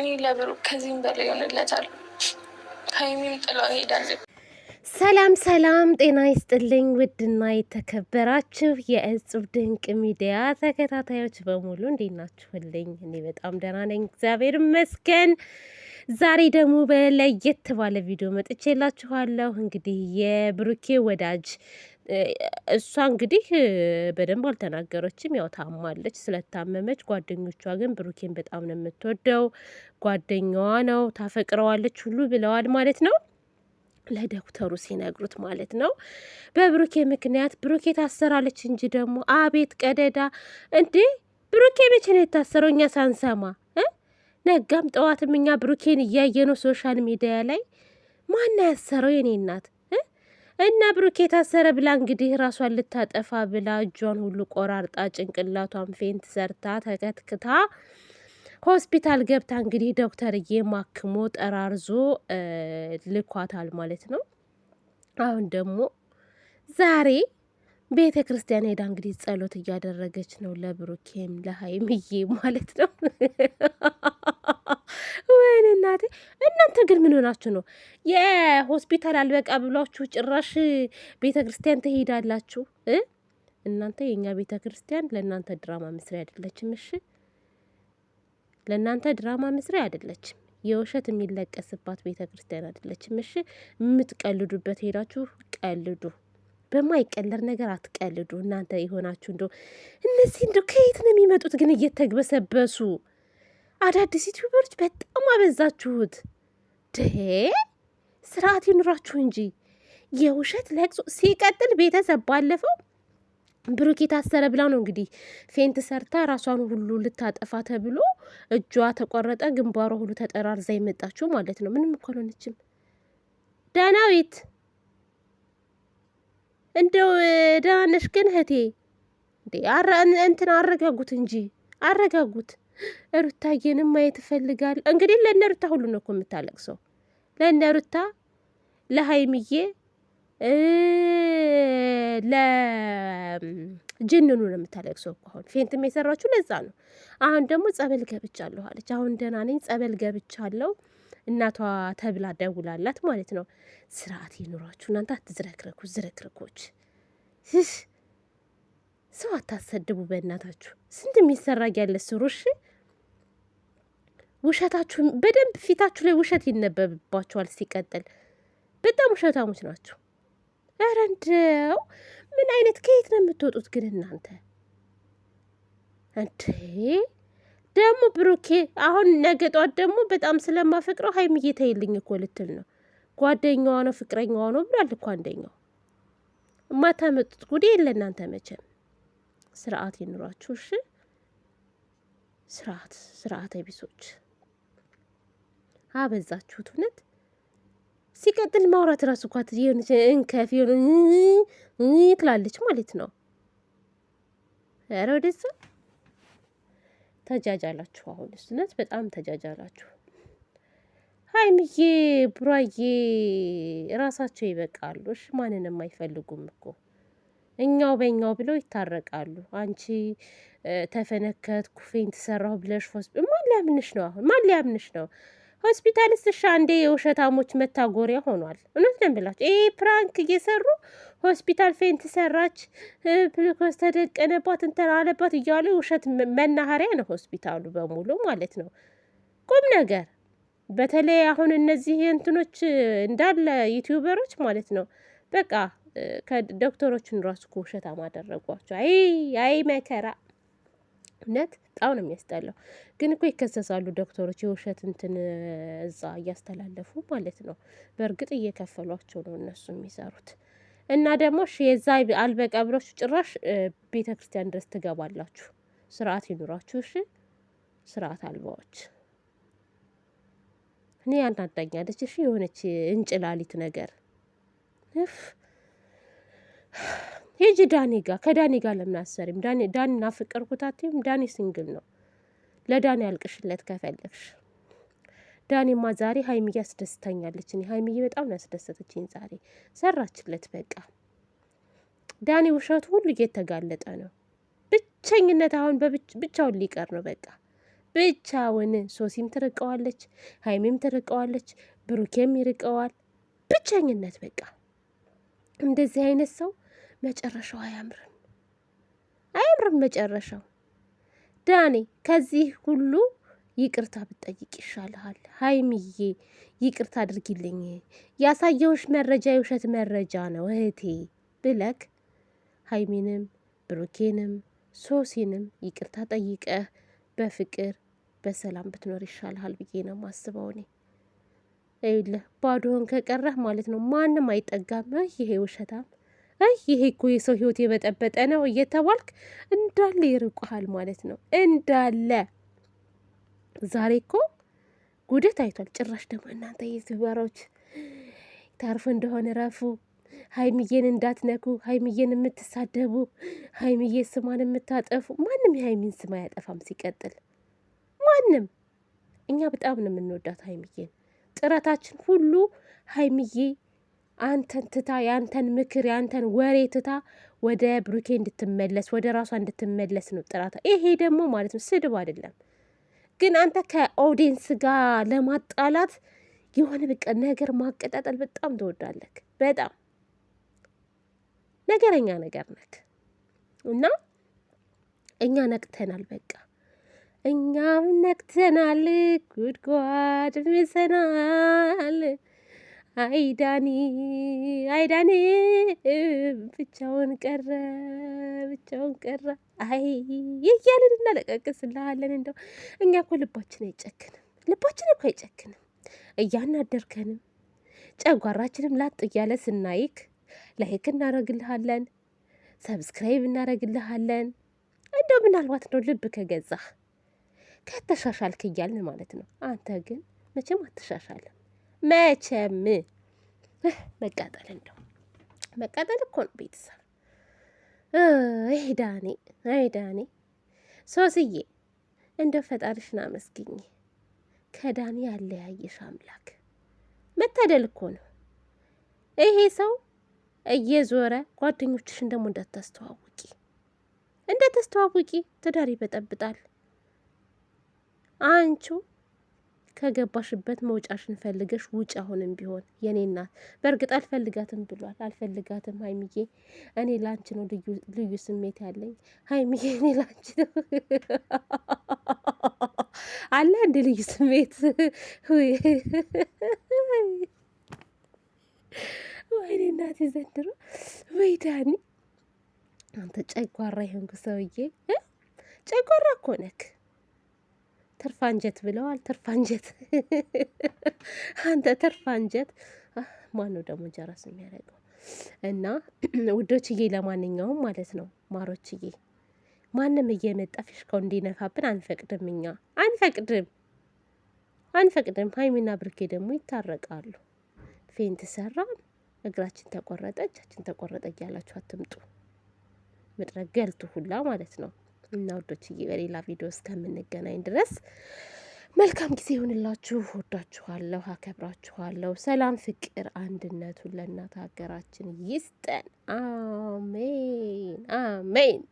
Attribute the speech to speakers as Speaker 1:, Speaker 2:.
Speaker 1: እኔ ለብሩክ ከዚህም በላይ ይሆንለታል። ሀይሚም ጥላ ሄዳለች።
Speaker 2: ሰላም ሰላም፣ ጤና ይስጥልኝ ውድና የተከበራችሁ የእጽብ ድንቅ ሚዲያ ተከታታዮች በሙሉ እንዴት ናችሁልኝ? እኔ በጣም ደህና ነኝ፣ እግዚአብሔር ይመስገን። ዛሬ ደግሞ በለየት ባለ ቪዲዮ መጥቼላችኋለሁ። እንግዲህ የብሩኬ ወዳጅ እሷ እንግዲህ በደንብ አልተናገረችም። ያው ታማለች። ስለታመመች ጓደኞቿ ግን ብሩኬን በጣም ነው የምትወደው፣ ጓደኛዋ ነው፣ ታፈቅረዋለች ሁሉ ብለዋል ማለት ነው ለዶክተሩ ሲነግሩት ማለት ነው። በብሩኬ ምክንያት ብሩኬ ታሰራለች እንጂ ደግሞ አቤት ቀደዳ እንዴ! ብሩኬ መቼ ነው የታሰረው? እኛ ሳንሰማ ነጋም ጠዋትም እኛ ብሩኬን እያየ ነው ሶሻል ሚዲያ ላይ ማን ያሰረው? የኔ እናት እና ብሩኬ ታሰረ ብላ እንግዲህ ራሷን ልታጠፋ ብላ እጇን ሁሉ ቆራርጣ ጭንቅላቷን ፌንት ሰርታ ተከትክታ ሆስፒታል ገብታ እንግዲህ ዶክተርዬ ማክሞ ጠራርዞ ልኳታል ማለት ነው። አሁን ደግሞ ዛሬ ቤተ ክርስቲያን ሄዳ እንግዲህ ጸሎት እያደረገች ነው፣ ለብሩኬም ለሀይምዬ ማለት ነው። ወይኔ እናቴ! እናንተ ግን ምን ሆናችሁ ነው? የሆስፒታል አልበቃ ብሏችሁ ጭራሽ ቤተ ክርስቲያን ትሄዳላችሁ እናንተ። የእኛ ቤተ ክርስቲያን ለእናንተ ድራማ መስሪያ አይደለችም። እሺ፣ ለእናንተ ድራማ መስሪያ አይደለችም። የውሸት የሚለቀስባት ቤተ ክርስቲያን አይደለችም። እሺ፣ የምትቀልዱበት ሄዳችሁ ቀልዱ። በማይቀለር ነገር አትቀልዱ። እናንተ የሆናችሁ እንዶ እነዚህ እንዶ ከየት ነው የሚመጡት? ግን እየተግበሰበሱ አዳዲስ ዩቲዩበሮች በጣም አበዛችሁት። ድሄ ስርዓት ይኑራችሁ እንጂ የውሸት ለቅሶ ሲቀጥል ቤተሰብ ባለፈው ብሩኬ ታሰረ ብላ ነው እንግዲህ ፌንት ሰርታ ራሷን ሁሉ ልታጠፋ ተብሎ እጇ ተቆረጠ፣ ግንባሯ ሁሉ ተጠራርዛ የመጣችው ማለት ነው። ምንም እኮ አልሆነችም ዳናዊት። እንደው ደህና ነሽ ግን እህቴ? እንትን አረጋጉት እንጂ አረጋጉት። ሩታዬንም ማየት እፈልጋል። እንግዲህ ለእነ ሩታ ሁሉ ነው እኮ የምታለቅሰው፣ ለእነ ሩታ፣ ለሀይምዬ፣ ለጅንኑ ነው የምታለቅሰው እኮ። አሁን ፌንትም የሰራችሁ ለዛ ነው። አሁን ደግሞ ጸበል ገብቻለሁ አለች። አሁን ደህና ነኝ ጸበል ገብቻለሁ እናቷ ተብላ ደውላላት ማለት ነው። ስርዓት ይኑራችሁ እናንተ አትዝረክረኩ፣ ዝረክረኮች ሰው አታሰድቡ በእናታችሁ። ስንት የሚሰራ ያለ ስሩሽ ውሸታችሁ በደንብ ፊታችሁ ላይ ውሸት ይነበብባችኋል። ሲቀጥል በጣም ውሸታሞች ናችሁ። ኧረ እንደው ምን አይነት ከየት ነው የምትወጡት ግን እናንተ እንዴ? ደግሞ ብሩኬ አሁን ነገ ጧት ደግሞ በጣም ስለማፈቅረው ሀይሚዬ ተይልኝ እኮ ልትል ነው። ጓደኛዋ ነው ፍቅረኛዋ ነው ብሏል እኮ አንደኛው። የማታመጡት ጉዴ የለ እናንተ መቼም። ስርዓት ይኑራችሁ እሺ። ስርዓት ስርዓት ቢሶች አበዛችሁት እውነት። ሲቀጥል ማውራት ራሱ እኳ እንከፍ ትላለች ማለት ነው። ኧረ ወደዛ ተጃጃላችሁ። አሁን እውነት በጣም ተጃጃላችሁ። ሀይሚዬ ቡራዬ ራሳቸው ይበቃሉ። እሺ ማንንም አይፈልጉም እኮ እኛው በእኛው ብለው ይታረቃሉ። አንቺ ተፈነከት ኩፌን ትሰራሁ ብለሽ ፎስ ማን ሊያምንሽ ነው? አሁን ማን ሊያምንሽ ነው? ሆስፒታልስ እሺ አንዴ የውሸታሞች መታጎሪያ ሆኗል። እውነት ነው የምላቸው ይሄ ፕራንክ እየሰሩ ሆስፒታል ፌንት ሰራች፣ ፕሪኮስ ተደቀነባት፣ እንትን አለባት እያሉ ውሸት መናኸሪያ ነው ሆስፒታሉ በሙሉ ማለት ነው። ቁም ነገር በተለይ አሁን እነዚህ እንትኖች እንዳለ ዩቲዩበሮች ማለት ነው በቃ ከዶክተሮችን ራሱ ውሸታም አደረጓቸው። አይ አይ መከራ እውነት ጣው ነው የሚያስጠላው። ግን እኮ ይከሰሳሉ ዶክተሮች የውሸት እንትን እዛ እያስተላለፉ ማለት ነው። በእርግጥ እየከፈሏቸው ነው እነሱ የሚሰሩት። እና ደግሞ የዛ አልበቀብሮች ጭራሽ ቤተ ክርስቲያን ድረስ ትገባላችሁ። ስርዓት ይኑራችሁ እሺ። ስርዓት አልባዎች እኔ ያናዳኛለች። እሺ የሆነች እንጭላሊት ነገር ሂጂ ዳኒ ጋር። ከዳኒ ጋር ለምን አሰሪም? ዳኒን አፈቀርኩት አትይም? ዳኒ ሲንግል ነው። ለዳኒ አልቅሽለት ከፈለግሽ። ዳኒማ ዛሬ ሀይሚዬ አስደስታኛለች። እኔ ሀይሚዬ በጣም ነው ያስደሰተችኝ ዛሬ። ሰራችለት በቃ። ዳኒ ውሸቱ ሁሉ እየተጋለጠ ነው። ብቸኝነት አሁን ብቻውን ሊቀር ነው በቃ ብቻውን። ሶሲም ትርቀዋለች፣ ሀይሚም ትርቀዋለች፣ ብሩኬም ይርቀዋል። ብቸኝነት በቃ እንደዚህ አይነት ሰው መጨረሻው አያምርም፣ አያምርም መጨረሻው። ዳኔ ከዚህ ሁሉ ይቅርታ ብጠይቅ ይሻልሃል። ሀይሚዬ ይቅርታ አድርጊልኝ፣ ያሳየውሽ መረጃ የውሸት መረጃ ነው እህቴ ብለክ ሀይሚንም ብሩኬንም ሶሲንም ይቅርታ ጠይቀህ በፍቅር በሰላም ብትኖር ይሻልሃል ብዬ ነው ማስበው። እኔ ይኸውልህ ባዶህን ከቀረህ ማለት ነው ማንም አይጠጋም። ይሄ ውሸታም አይ ይሄ እኮ የሰው ህይወት የበጠበጠ ነው እየተባልክ እንዳለ ይርቁሃል ማለት ነው። እንዳለ ዛሬ እኮ ጉደት አይቷል። ጭራሽ ደግሞ እናንተ የዝባሮች ታርፎ እንደሆነ ረፉ። ሀይሚዬን እንዳትነኩ፣ ሀይሚዬን የምትሳደቡ፣ ሀይሚዬ ስሟን የምታጠፉ ማንም የሀይሚን ስም አያጠፋም። ሲቀጥል ማንም እኛ በጣም ነው የምንወዳት ሀይሚዬን ጥረታችን ሁሉ ሀይሚዬ አንተን ትታ የአንተን ምክር የአንተን ወሬ ትታ ወደ ብሩኬ እንድትመለስ ወደ ራሷ እንድትመለስ ነው ጥራታ። ይሄ ደግሞ ማለት ነው ስድብ አይደለም፣ ግን አንተ ከኦዲየንስ ጋር ለማጣላት የሆነ በቃ ነገር ማቀጣጠል በጣም ትወዳለክ። በጣም ነገረኛ ነገር ነክ እና እኛ ነቅተናል። በቃ እኛም ነቅተናል፣ ጉድጓድ ምሰናል። አይዳኒ አይዳኒ ብቻውን ቀረ ብቻውን ቀረ አይ እያለን እናለቀቅስልሃለን። እንደው እኛ እኮ ልባችን አይጨክንም፣ ልባችን እኮ አይጨክንም። እያናደርከንም ጨጓራችንም ላጥ እያለ ስናይክ ላይክ እናረግልሃለን፣ ሰብስክራይብ እናረግልሃለን። እንደው ምናልባት ነው ልብ ከገዛህ ከተሻሻልክ እያልን ማለት ነው። አንተ ግን መቼም አትሻሻልም። መቼም መቃጠል እንደው መቃጠል እኮ ነው ቤተሰብ። ይህ ዳኔ አይ ዳኔ ሶስዬ፣ እንደው ፈጣሪሽን አመስግኝ ከዳኔ ያለያየሽ አምላክ መታደል እኮ ነው። ይሄ ሰው እየዞረ ጓደኞችሽን ደግሞ እንዳታስተዋውቂ እንደተስተዋውቂ ትዳር ይበጠብጣል አንቺው ከገባሽበት መውጫሽን ፈልገሽ ውጭ። አሁንም ቢሆን የኔ እናት በእርግጥ አልፈልጋትም ብሏል። አልፈልጋትም ሀይሚዬ፣ እኔ ላንቺ ነው ልዩ ስሜት ያለኝ ሀይሚዬ፣ እኔ ላንቺ ነው አለ እንደ ልዩ ስሜት። ወይኔ እናቴ ዘንድሮ ወይ ዳኒ አንተ ጨጓራ የሆንኩ ሰውዬ ጨጓራ እኮ ነክ ትርፍ ብለዋል። ትርፍ አንተ ትርፍ ማን ነው ደግሞ ጀረስ የሚያደርገው? እና ውዶችዬ፣ ለማንኛውም ማለት ነው ማሮችዬ፣ ማንም እየመጣ ፊሽካው እንዲነፋብን አንፈቅድም። እኛ አንፈቅድም፣ አንፈቅድም። ሀይሚና ብርኬ ደግሞ ይታረቃሉ። ፌንት ሰራ እግራችን ተቆረጠ፣ እጃችን ተቆረጠ እያላችሁ አትምጡ። ምድረ ገልቱ ሁላ ማለት ነው። እና ወዶችዬ በሌላ ቪዲዮ እስከምንገናኝ ድረስ መልካም ጊዜ ይሁንላችሁ። ወዳችኋለሁ፣ አከብራችኋለሁ። ሰላም፣ ፍቅር፣ አንድነቱን ለእናት ሀገራችን ይስጠን። አሜን አሜን።